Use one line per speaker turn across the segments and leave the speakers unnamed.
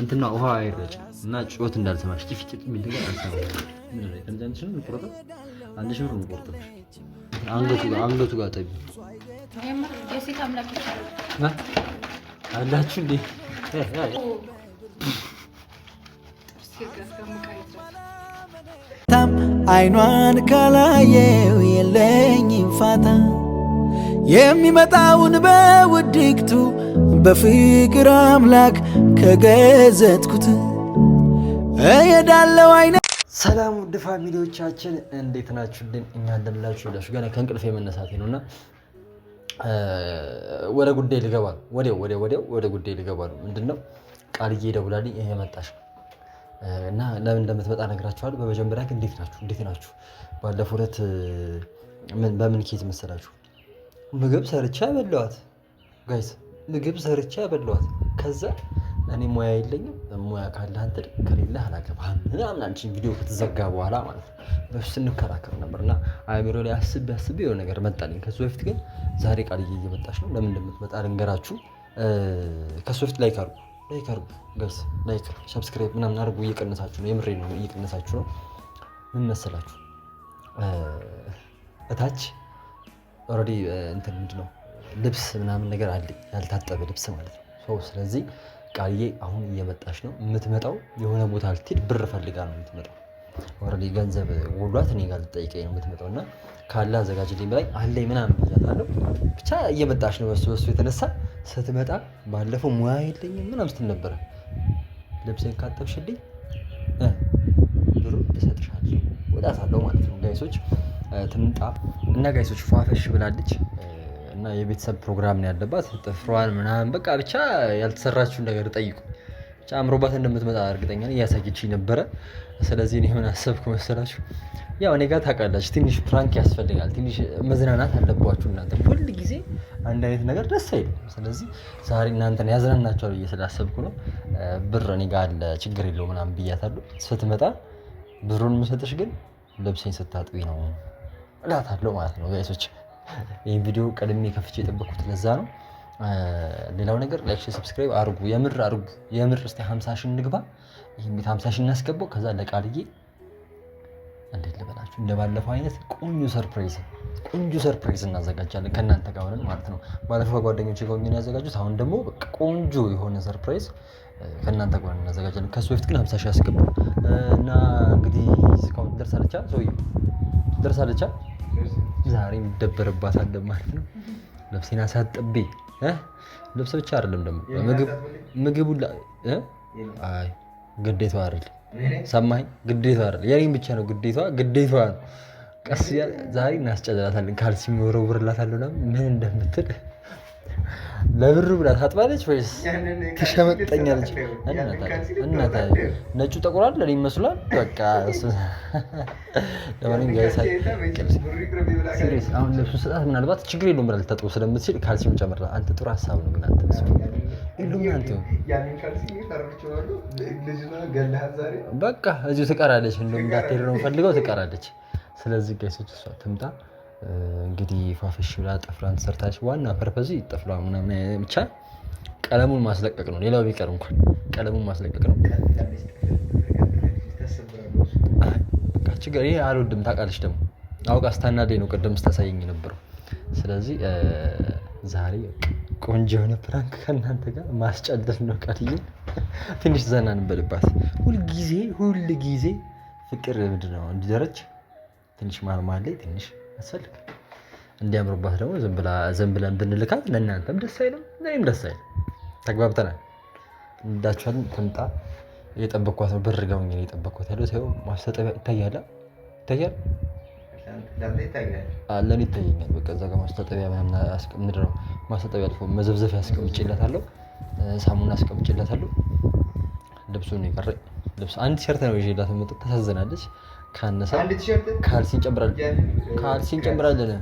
እንትና ውሃ አይረጭ እና ጩኸት እንዳልሰማሽ ጭፍጭ የሚል ነገር ነው አንገቱ ጋር አንገቱ ጋር ጠቢ አላችሁ እንዴ?
ታም አይኗን ካላየው የለኝም ፋታ የሚመጣውን በውድግቱ? በፍቅር አምላክ ከገዘትኩት እየዳለው አይነ
ሰላም ውድ ፋሚሊዎቻችን እንዴት ናችሁልን? እኛ እንደምላችሁ ይላችሁ ገና ከእንቅልፍ የመነሳት ነው ወደ ጉዳይ ልገባ ነው። ወዲያው ወዲያው ወዲያው ወደ ጉዳይ ልገባ ነው። ምንድን ነው ቃልዬ ደውላልኝ የመጣሽ እና ለምን እንደምትመጣ ነግራችኋለሁ። በመጀመሪያ ግን እንዴት ናችሁ? እንዴት ናችሁ? ባለፈው ዕለት በምን ኬዝ መሰላችሁ ምግብ ሰርቼ በለዋት ጋይስ ምግብ ሰርቼ አበላኋት ከዛ እኔ ሙያ የለኝም ሙያ ካለ አንተ ከሌለ አላገባህም ምናምን አለችኝ ቪዲዮ ከተዘጋ በኋላ ማለት ነው። በፊት ስንከራከር ነበር እና አእምሮዬ ላይ አስቤ አስቤ የሆነ ነገር መጣልኝ ከሱ በፊት ግን ዛሬ ቃልዬ እየመጣች ነው ለምን እንደምትመጣ ልንገራችሁ። ከሱ በፊት ላይክ አድርጉ ላይክ አድርጉ ገስ ላይክ ሰብስክራይብ ምናምን አድርጉ እየቀነሳችሁ ነው የምሬ ነው እየቀነሳችሁ ነው። ምን መሰላችሁ? እታች ኦልሬዲ እንትን ነው ልብስ ምናምን ነገር አለኝ ያልታጠበ ልብስ ማለት ነው። ስለዚህ ቃልዬ አሁን እየመጣች ነው የምትመጣው የሆነ ቦታ ልትሄድ ብር ፈልጋ ነው የምትመጣው። ኦልሬዲ ገንዘብ ወዷት እኔ ጋር ልትጠይቀኝ ነው የምትመጣው እና ካለ አዘጋጅልኝ በላይ አለኝ ምናምን ብያታለሁ። ብቻ እየመጣች ነው በሱ በሱ የተነሳ ስትመጣ ባለፈው ሙያ የለኝም ምናምን ስትል ነበረ። ልብሴን ካጠብሽልኝ ብሩ እሰጥሻለሁ እላታለሁ ማለት ነው። ጋይሶች ትምጣ እና ጋይሶች ፏፈሽ ብላለች። የቤተሰብ ፕሮግራም ነው ያለባት ጥፍሯን ምናምን በቃ ብቻ ያልተሰራችውን ነገር ጠይቁ። ብቻ አምሮባት እንደምትመጣ እርግጠኛ እያሳየች እያሳየችኝ ነበረ። ስለዚህ እኔ ምን አሰብኩ መሰላችሁ? ያው እኔ ጋር ታውቃላችሁ ትንሽ ፕራንክ ያስፈልጋል፣ ትንሽ መዝናናት አለባችሁ እናንተ። ሁል ጊዜ አንድ አይነት ነገር ደስ አይልም። ስለዚህ ዛሬ እናንተን ያዝናናቸዋል ብዬ ስላሰብኩ ነው። ብር እኔ ጋር አለ ችግር የለው ምናምን ብያታለሁ። ስትመጣ ብሩን የምሰጥሽ ግን ልብሴን ስታጥቢ ነው እላታለሁ ማለት ነው ጋይሶች ይህ ቪዲዮ ቀድሜ ከፍቼ የጠበቅኩት ለዛ ነው። ሌላው ነገር ላይክ፣ ሼር፣ ሰብስክራይብ አድርጉ። የምር አርጉ። የምር እስቲ 50 ሺህ እንግባ። ይሄን ቤት 50 ሺህ እናስገባው። ከዛ ለቃልዬ እንዴት ልበላችሁ እንደባለፈው አይነት ቆንጆ ሰርፕራይዝ ቆንጆ ሰርፕራይዝ እናዘጋጃለን ከእናንተ ጋር ሆነን ማለት ነው። ባለፈው ጓደኞች ጋር ሆኜ ያዘጋጁት፣ አሁን ደግሞ ቆንጆ የሆነ ሰርፕራይዝ ከእናንተ ጋር እናዘጋጃለን። ከሱ በፊት ግን ሀምሳ ሺህ ያስገቡ እና እንግዲህ እስካሁን ደርሳለቻ ሰውዬው ደርሳለቻ ዛሬም ይደበርባታል ማለት ነው። ነፍሴን አሳጥቤ ልብስ ብቻ አይደለም ደግሞ ምግቡ አይ ግዴቷ አይደል ሰማኝ፣ ግዴቷ አይደል የኔም ብቻ ነው ግዴቷ ግዴቷ ነው። ቀስ ዛሬ እናስጨልላታለን፣ ካልሲ ወረውርላታለሁ ምን እንደምትል ለብር ብላ ታጥባለች ወይስ ትሸመጠኛለች? እናታ ነጩ ጠቁራል ለኔ ይመስላል። በቃ ለማንም አሁን ልብሱ ስጣት። ምናልባት ችግር የለውም ብላ ልታጥበው ስለምትችል ካልሲሙ ጨምራ። አንተ ጥሩ ሀሳብ ነው። ምናንተ በቃ እዚሁ ትቀራለች። እንዳትሄድ ነው ፈልገው ትቀራለች። ስለዚህ ጋይሶች እሷ ትምጣ እንግዲህ ፋፍሽ ብላ ጥፍሯን ሰርታች ዋና ፐርፐዙ ጥፍሯ ምናምን ብቻ ቀለሙን ማስለቀቅ ነው። ሌላው ቢቀር እንኳን ቀለሙን ማስለቀቅ ነው። ችግር ይሄ አልወድም። ታውቃለች ደግሞ አውቃ ስታናደኝ ነው ቅድም ስታሳየኝ የነበረው። ስለዚህ ዛሬ ቆንጆ የሆነ ፕራንክ ከእናንተ ጋር ማስጨልል ነው። ቃልዬ ትንሽ ዘና እንበልባት። ሁልጊዜ ሁልጊዜ ፍቅር ምንድን ነው እንዲደረች ትንሽ ማርማለይ ትንሽ አትፈልግም። እንዲያምሩባት ደግሞ ዝም ብለን ብንልካት ለእናንተም ደስ አይልም፣ ለእኔም ደስ አይልም። ተግባብተናል። እንዳቸን ትምጣ። እየጠበኳት ነው። ብር ገውኝ ነው እየጠበኳት ያለው። ይኸው ማስታጠቢያ ይታያል፣ ይታያል፣ ለእኔ ይታየኛል። በቃ እዛ ጋር ማስታጠቢያ ምንድን ነው ማስታጠቢያ አልፎ መዘብዘፊያ አስቀምጬላታለሁ፣ ሳሙና አስቀምጬላታለሁ። ልብሱን የቀረኝ ልብስ አንድ ሸርት ነው ይዤላት መጠጥ። ታሳዝናለች ካነሰ ካልሲ እንጨምራለን። ካልሲ እንጨምራለን።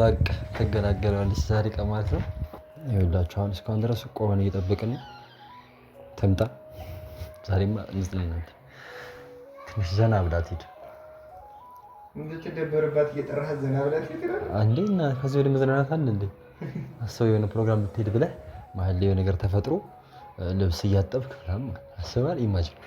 በቃ ትገላገለዋለች ዛሬ ቀን ማለት ነው። ይኸውላችሁ አሁን እስካሁን ድረስ ቆመን እየጠበቅን ትምጣ። ዛሬማ እንዝልናት ትንሽ ዘና ብላት ሄድ እንድትደበርባት እየጠራህ ዘና ብላት ሄድ እንዴ እና ከዚህ ወደ መዝናናት አለ እንዴ አስበው የሆነ ፕሮግራም ብትሄድ ብለህ መሀል ላይ የሆነ ነገር ተፈጥሮ ልብስ እያጠብክ ምናምን አስበሃል ኢማጅን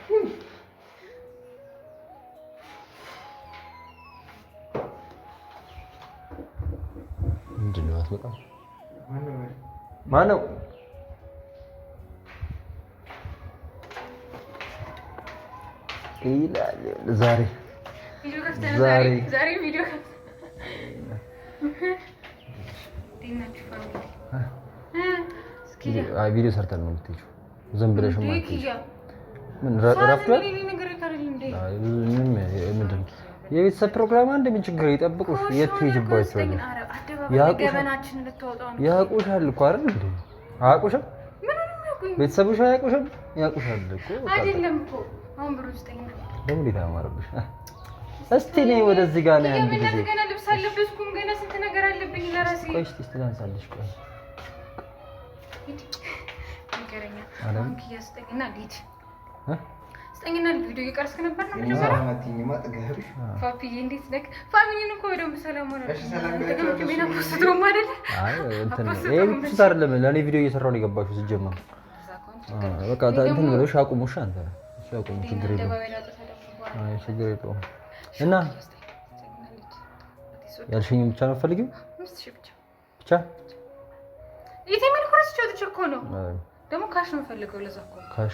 የምትወጣው? ነው? ይላል ዛሬ ዛሬ ዛሬ ቪዲዮ ቪዲዮ ሰርተን ነው የምትሄጂው። ዝም ብለሽ የቤተሰብ ፕሮግራም አንድ ምን ችግር ይጠብቁሽ የት ትሄጂባቸዋለሽ? ያቁሻል እኮ አይደል እንዴ? አያቁሽም? ቤተሰብሽ አያቁሽም? ያቁሻል እኮ አይደለም እኮ አሁን ብሩ እስቲ እኔ ወደዚህ ጋር ነው አንድ ገና ልብስ አለበስኩም። ገና ስንት ነገር አለብኝ ለራሴ። ቆይ እስቲ ትላንሳለሽ። ቆይ ነገረኛ አንኪ ያስጠኝና ዲት ስጠኝና ልጅ ቪዲዮ እየቀረስክ ነበር ነው መጀመሪያ እንዴት ነህ? ፋሚሊን እኮ ወደም ሰላም ሆነ። አይደለም ለእኔ ቪዲዮ እየሰራሁ ነው የገባሽው። ሲጀመር በቃ እንትን ብለሽ አቁሙሽ፣ አንተ አቁሙ፣ ችግር የለውም። አይ ችግር የለውም። እና ያልሽኝ ብቻ ነው ፈልጊው ብቻ ኢቴ ምን ነው ደግሞ ካሽ ነው ፈልገው ለዛ እኮ ካሽ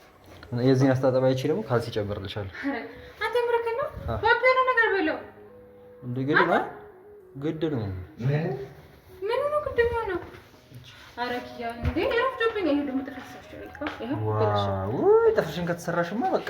የዚህን አስታጠባ ይቺ ደግሞ ካልሲ ጨምርልሻለሁ። አንተ ምርክን ነው ነገር በለው እንደ ግድ ነው ግድ ነው ምን ነው ግድ ነው ነው ጥፍርሽን ከተሰራሽማ በቃ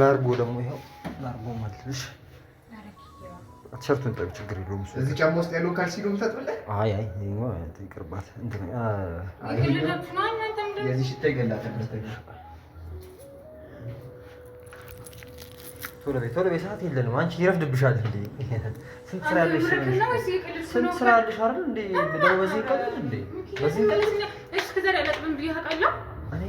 ላርጎ ደግሞ ቲሸርቱን ጠብ ችግር የለውም። እዚህ ጫማ ውስጥ ያለው ካልሲ ነው የምታጥብልህ? አይ ይቅርባት። የዚህ ሽታ ይገላታል። ቶሎ በይ ቶሎ በይ፣ ሰዓት የለንም። አንቺ ይረፍድብሻል እንዴ? ስንት ስራ ያለሽ ስንት ስራ ያለሽ አይደል እንዴ? በዚህ ቀን እንዴ በዚህ ቀን እስከ ዛሬ አላጥብም ብዬሽ አውቃለሁ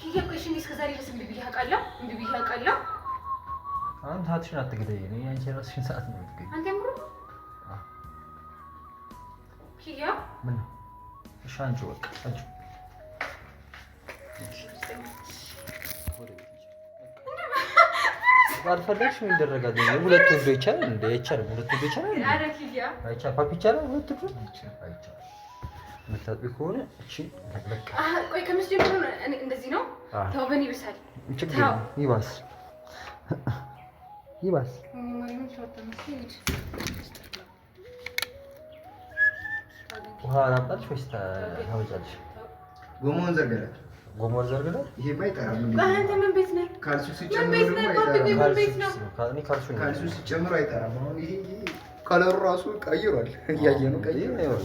ኪየቆሽ እኔ እስከ ዛሬ ድረስ እምቢ ብዬሽ አውቃለሁ፣ እምቢ ብዬሽ አውቃለሁ። ሰዓትሽን አትግደይ። እኔ አንቺ የራስሽን ሰዓት ነው የምትገኝ። አንተ ምሩ ኪያ ምን ነው? እሺ አንቺ ወቅ አንቺ ባልፈለግሽ ምን ይደረጋል? ሁለት ወንዶ ይቻላል እንደ አይቻልም። ሁለት ወንዶ ይቻላል እንዴ? አይቻልም። ፓፒ ይቻላል። ሁለት ወንዶ አይቻልም። የምታጥቢው ከሆነ እቺ እንደዚህ ነው። ተውበን ይብሳል። ይባስ ውሃ ላምጣልሽ ወይስ ታወጫለሽ? ጎመን ዘርገላል። ጎመን ዘርገላል። ይሄማ ይጠራል። አንተ ምን ቤት ነህ? ካልሱ ሲጨምር አይጠራም። አሁን ይሄ ቀለሩ ራሱ ቀይሯል። እያየ ነው ቀይሯል።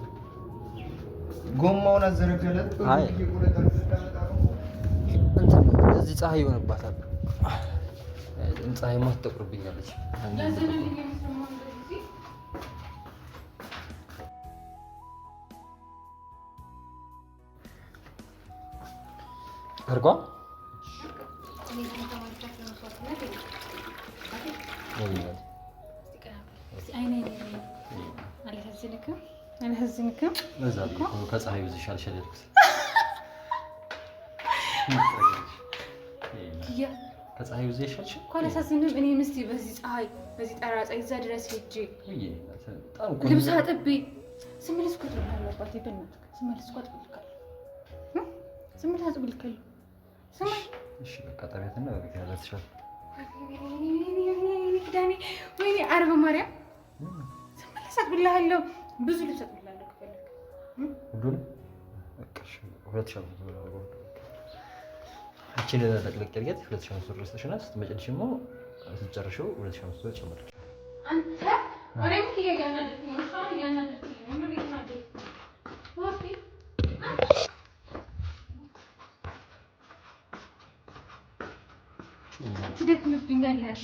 ጎማውን አዘረገለት። እዚህ ፀሐይ ይሆንባታል። ፀሐይ ማትጠቁርብኛለች። እርጓ አልህዝንክም ለዛ ከፀሐዩ ዝሻል ሸለልኩት ከፀሐዩ እኮ አላሳዝንም። እኔ ምስቲ በዚህ ፀሐይ በዚህ ጠራ ፀሐይ እዛ ድረስ ሄጄ ልብስ አጥቤ ስመለስ እኮ ጥሩ አለባት ይበናት ስመለስ እኮ አጥቤ ልካለሁ። ስመለስ አጥቤ ልካለሁ። ስማይ እሺ በቃ ጠቢያትና በቤት ያለትሻል ወይኔ አርብ ማርያም ስመለስ አጥብልሃለሁ ብዙ ልሰጥላለሁ ከፈለክ ሁሉንም ሁለት ሺህ ይችን ጠቅለቅ ያድርጊያት። ሁለት ሺህ አምስት ብር ስትሽና ስትመጨልሽ ደግሞ ስትጨርሺው ሁለት ሺህ አምስት ብር ጨምረሽ ትደክምብኛለሽ።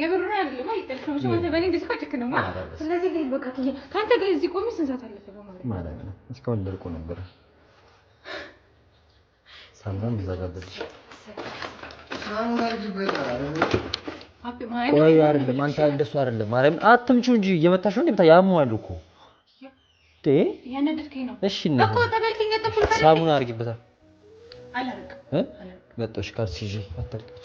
የብር አይደለም አይደለም ሰው ማለት በእኔ እንደዚህ ኮጭክ ነው ማለት ስለዚህ ግን በቃ ትዬ ካንተ ጋር እዚህ ቆሜ ስንት ሰዓት አለፈ ማለት ማለት ነው። እስካሁን ደርቆ ነበር። ሳምራም ዘጋበች። ቆይ አይደለም አንተ እንደሱ አይደለም ማለት አትምጪው እንጂ እየመታሽው እንዴ ብታይ ያመዋል እኮ እ ያነደድከኝ ነው። እሺ እና እኮ ተበልከኝ ተጥፍል ታዲያ ሳሙና አድርጊበታል። አላረግም እ መጣሽ ካልሲ ይዤ አታልቅሽ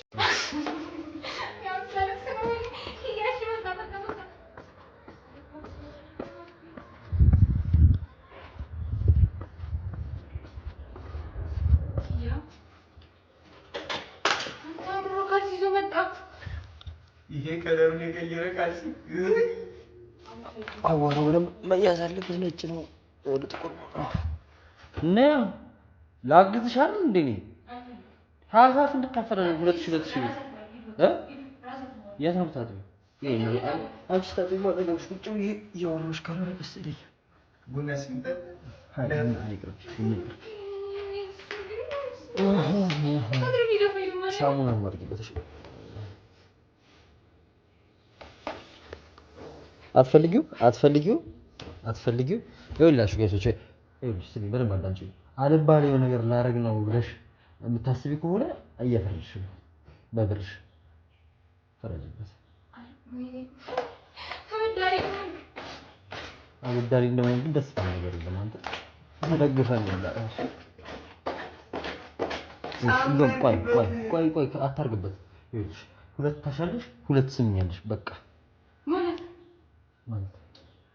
ነጭ ነው ወደ ጥቁር እና ላግዝሻል እንዴ እኔ ሀያ ሰዓት እንድካፈል ሁለት እ የት ነው የምታጥቢው? አንቺ ታጥቢማ አጠገብሽ ቁጭ ብዬ እያወራሁሽ ካልሆነ ደስ ቡና ስንጠጣ ሳሙና ማድረግበትሽ አትፈልጊው አትፈልጊው አትፈልጊው? ይኸውላችሁ ጋይሶች፣ ይኸውልሽ ስሚ፣ በደንብ አዳምጪኝ። አልባሌ ነገር ላደርግ ነው ብለሽ የምታስቢ ከሆነ እየፈረድሽ ነው። በብርሽ ፈረጅበት። አበዳሪ እንደሆነ ግን ደስ ባለ ነገር የለም። አንተ ተደግፈን ቆይ ቆይ ቆይ አታርግበት። ይኸውልሽ ሁለት ታሻለሽ፣ ሁለት ስምኛለሽ። በቃ ማለት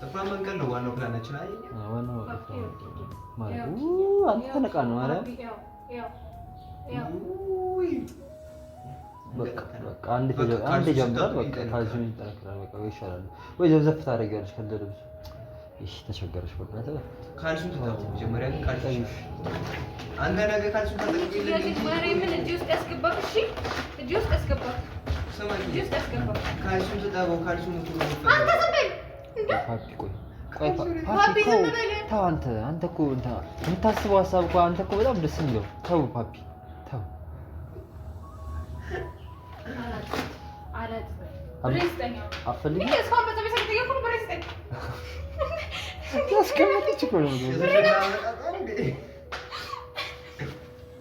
ጥፍሯን መንቀል ነው ዋናው ፕላናችን። አይ አንተ ወይ ዘብዘፍ ታደርጊያለሽ ከእንደ ዝም በል አንተ እኮ የምታስበው ሀሳብ እኮ አንተ እኮ በጣም ደስ የሚለው ተው፣ ፓፒ ተው።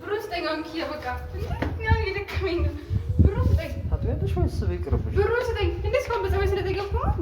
ብሩ ስጠኝ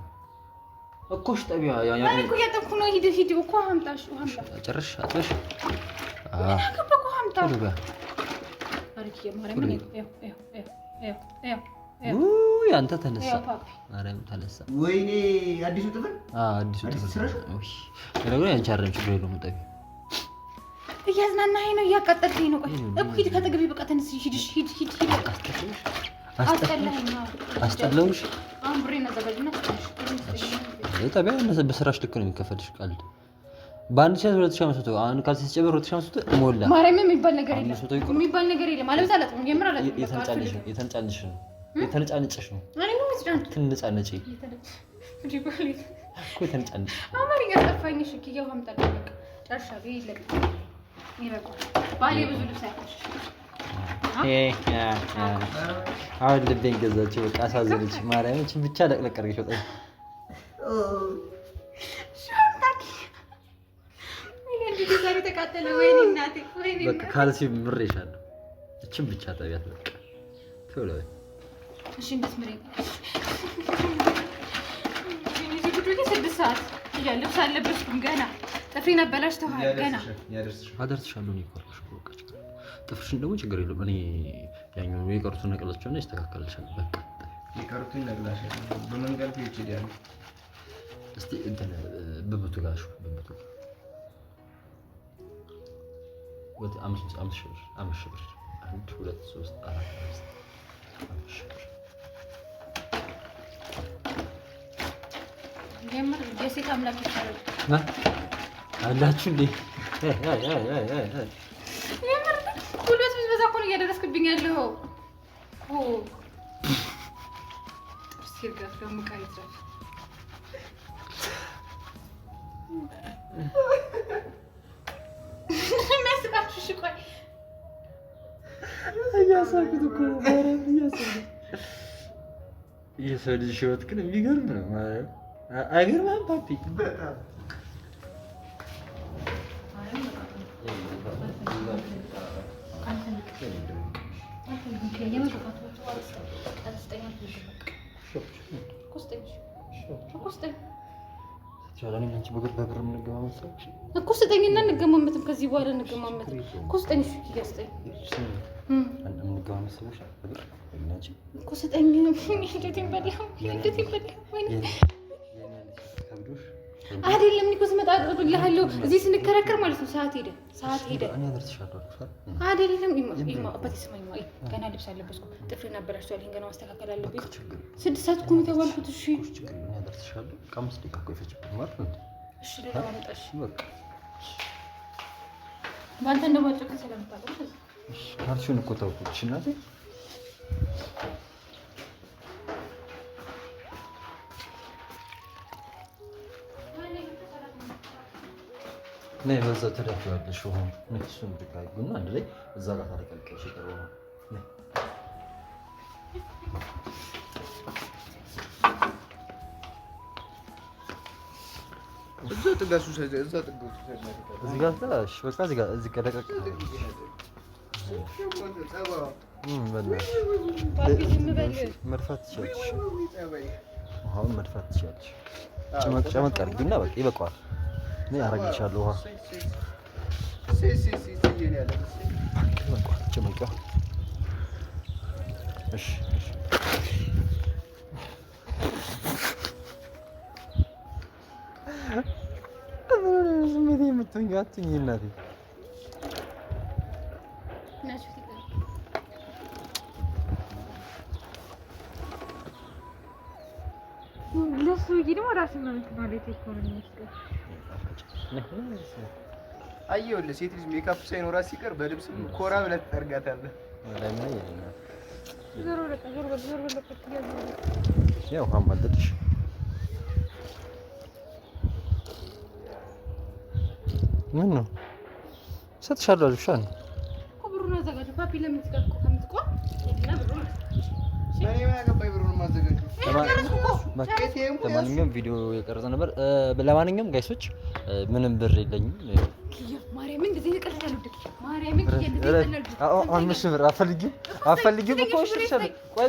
እኮሽ ጠቢያ እኮ ሂድ ሂድ እኮ አምጣሽ ጨርሽ አንተ ተነሳ ተነሳ። አዲሱ አዲሱ ችግር የለውም። እያዝናናኸኝ ነው፣ እያቃጠልኸኝ ነው። ቆይ እኮ ሂድ ከጠገቤ በቃ ተነስ፣ ሂድ ሂድ ሂድ ሂድ። አስጠላኸኝ። አስጠላሁሽ። አሁን ብሬን አዘጋጅና ጣቢያ በስራሽ ልክ ነው የሚከፈልሽ። ቀልድ በአንድ ሺህ ሁለት ሺህ አምስት መቶ አሁን ካልሲ ሲጨምር ሁለት ሺህ አምስት መቶ ሞላ። ማርያምን የሚባል ነገር የለም፣ የሚባል ነገር የለም። የተንጫንጭሽ ነው የተንጫንጭሽ ነው ትንጫነጪ እኮ የተንጫንጭሽ አማርኛ ጠፋኝ። እሺ ኪያው አምጣልኝ። በቃ ጨርሻለሁ። ይለቅ ይበቃል። ባሌ ብዙ ልብስ አይቆሽሽ አሁን ልቤን ገዛችው። በቃ አሳዘነች። ማርያምን ብቻ ለቅለቅ አድርገሽ ወጣች። በቃ ካልሲ ምር ይሻለሁ። እችን ብቻ ጠቢያት በቃ ቶሎ ስድስት ሰዓት እያለ አለበስኩም ገና ጥፍሬን አበላሽተዋል። ገና አደርስሻለሁ። ችግር የለውም። እኔ እስቲ እንትን ብብቱ ጋር ብብቱ ወደ አምስት ሺህ ብር አንድ ሁለት ሶስት አራት አምስት የሴት አምላክ አላችሁ እንዴ? ጉልበት እኮ ነው እያደረስክብኝ እያሳኩት እኮ የሰው ልጅ ህይወት ግን የሚገርም ነው። አይገርምም ፓፒ? እኮ ስጠኝና እንገማመትም። ከዚህ በኋላ እንገማመትም እኮ ስጠኝ እያስጠኝ አይደለም እኔ እኮ ስመጣ አቅርብልሃለሁ። እዚህ ስንከራከር ማለት ነው ሰዓት ሄደ፣ ሰዓት ሄደ። አይደለም አባቴ ስማኝ፣ ገና ልብስ አለበስኩ፣ ጥፍሬን አበላሽቷል። ገና ማስተካከል አለብኝ። ስድስት ሰዓት እኮ ነው የተባልኩት። እሺ እሺ ለማምጣሽ በአንተ እንደማጨቅ ስለምታውቅ ካልሲውን እኮ ተውኩት እናቴ። ነይ በዛ ተዳፊዋለሽ ውሃ እሱን ድጋጉና አንድ ላይ እዛ ጋር ታረቀቀሽ ይቀር ውሃ እዛ ጥጋሱ እዛ ጥጋሱ እዚህ ጋር እዚህ ጋር ደቀቀ መድፋት ትችያለሽ። ውሃውን መድፋት ትችያለሽ። ጨመቅ ጨመቅ በቃ ይበቃዋል። እኔ አረግልሻለሁ። ውሃ ስሜት የምትሆኝ አትሁኝ እናቴ ሰውዬ ደግሞ ራስን ማለት ኢኮኖሚ አየሁልህ። ሴት ልጅ ሜካፕ ሳይኖራት ሲቀር በልብስ ኮራ ብለህ ትጠርጋታለህ። ያው አማለጥሽ ምን ነው እሰጥሻለሁ አሉሻ ነው ለማንኛውም ቪዲዮ የቀረጸ ነበር። ለማንኛውም ጋይሶች ምንም ብር የለኝም። አምስት ብር አፈልጊም አፈልጊም እኮ ቆይ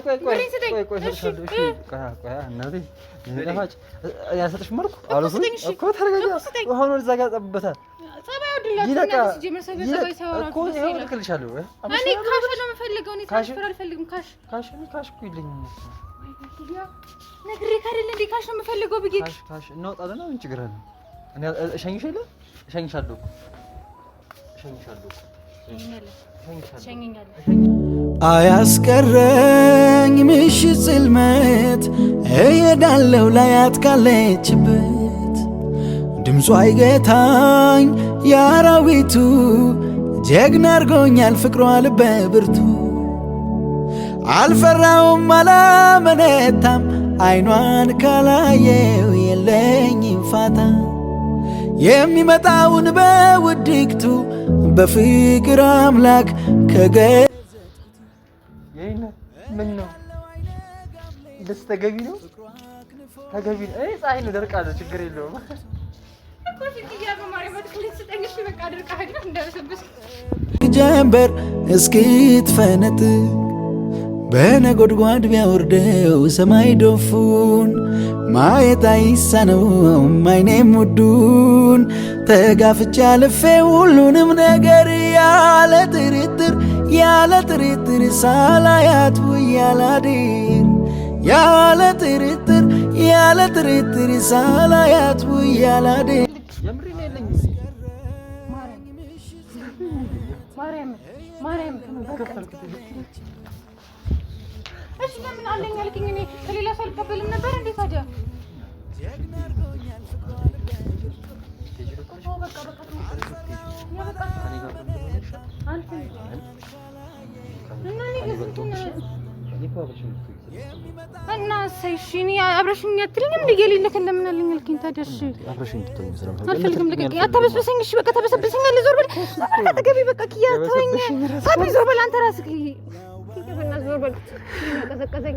አያስቀረኝ ምሽት ጽልመት እየዳለው ላያት ካለችበት ድምፁ አይገታኝ የአራዊቱ ጀግና አርጎኛል ፍቅሯ ልበ ብርቱ አልፈራውም አላመነታም አይኗን ካላየው የለኝም ፋታ የሚመጣውን በውድግቱ በፍቅር አምላክ ከገ ምን ነው ደስ ተገቢ ነው ተገቢ ነው። ፀሐይ ነው ደርቃለሁ፣ ችግር የለውም። ጀንበር እስኪትፈነጥ በነጎድጓድ ቢያወርደው ሰማይ ዶፉን ማየት አይሳነውም አይኔም ውዱን ተጋፍቻ ልፌ ሁሉንም ነገር ያለ ጥርጥር ያለ ጥርጥር ሳላያት ውያላድር ያለ ጥርጥር ያለ ጥርጥር ሳላያት ውያላድር ማርያም ማርያም እሺ፣ ለምን አንደኛ ልክኝ እኔ ከሌላ ሰው አልቀበልም ነበር እንዴ ታዲያ? እና እኔ እና እሰይ እሺ፣ እኔ አብረሽኝ አትልኝ እንዴ? የሌለህ ለምን አለኝ አልከኝ። ታዲያ እሺ፣ አብረሽኝ እንድትሆኝ አልፈልግም። ልቀቅ፣ አታበስብሰኝ። እሺ፣ በቃ ተበሰብሰኛል። ዞር በል አጠገቤ። በቃ ኪያ ተወኝ። ሳቢ፣ ዞር በል አንተ ራስህ። ዞር በል ቀዘቀዘኝ።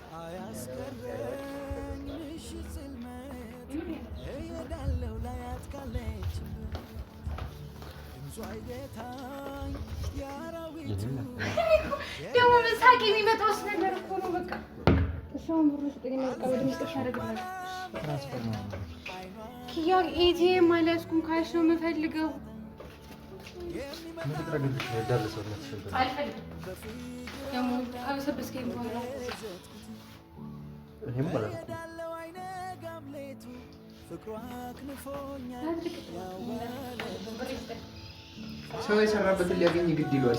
ያስቀረኝ ምሽት ጽልመት እሄዳለሁ ላያት ካለች ድምጿ አይገታኝ የአራዊቱ ደግሞ መሳቅ የሚመጣው ነገር እኮ ነው። በቃ እሷን ብሩ ስጠኝ በቃ ኤቲኤም አልያዝኩም ካሽ ነው የምፈልገው። አልፈልግም ደግሞ ከበሰበስከኝ በኋላ እኔም ማለት ነው ሰው የሰራበትን ሊያገኝ ግድ ይለዋል።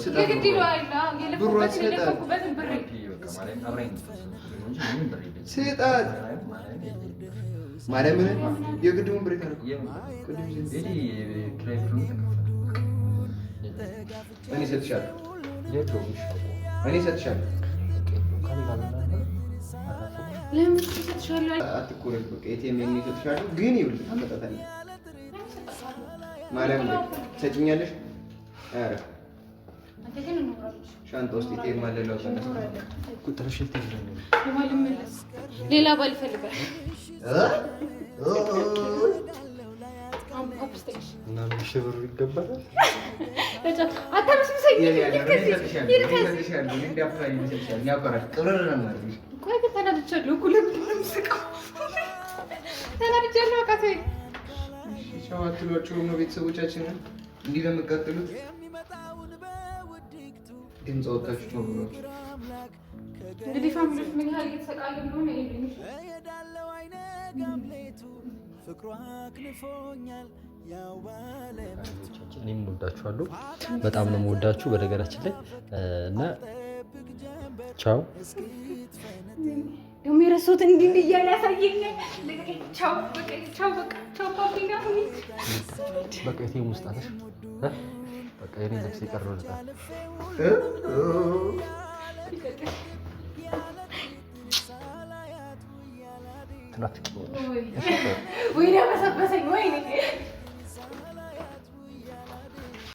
ማርያምን የግድቡን ብሬት እኔ እሰጥሻለሁ እኔ እሰጥሻለሁ ለምን ትሰጥሻለህ? አትቆረጥ። ሌላ ባል ፈልጋል። ሽብር ይገባታል። ቆይ ግን ተናድቻለሁ እኮ ለምን ነው የምስቀው? ተናድቻለሁ። በቃ ተይ። ሻው አትሏቸውም ነው ቤተሰቦቻችንን እንዲህ ለመቃጠሉት ድምፅ አወጣችሁ ነው ብሏቸው እንግዲህ ፋሚሊዎች ምን ያህል እየተሰቃዩ እንደሆነ እኔም ወዳችኋለሁ። በጣም ነው የምወዳችሁ በነገራችን ላይ እና ቻው ደግሞ የረሳሁት እንዲህ እንዲህ እያለ ያሳየኛል። ቻው በቃ ቻው በቃ ቻው በቃ የኔ ልብስ የቀረው ልጣ ትናፍቂዋለሽ ወይኔ አበሰበሰኝ ወይ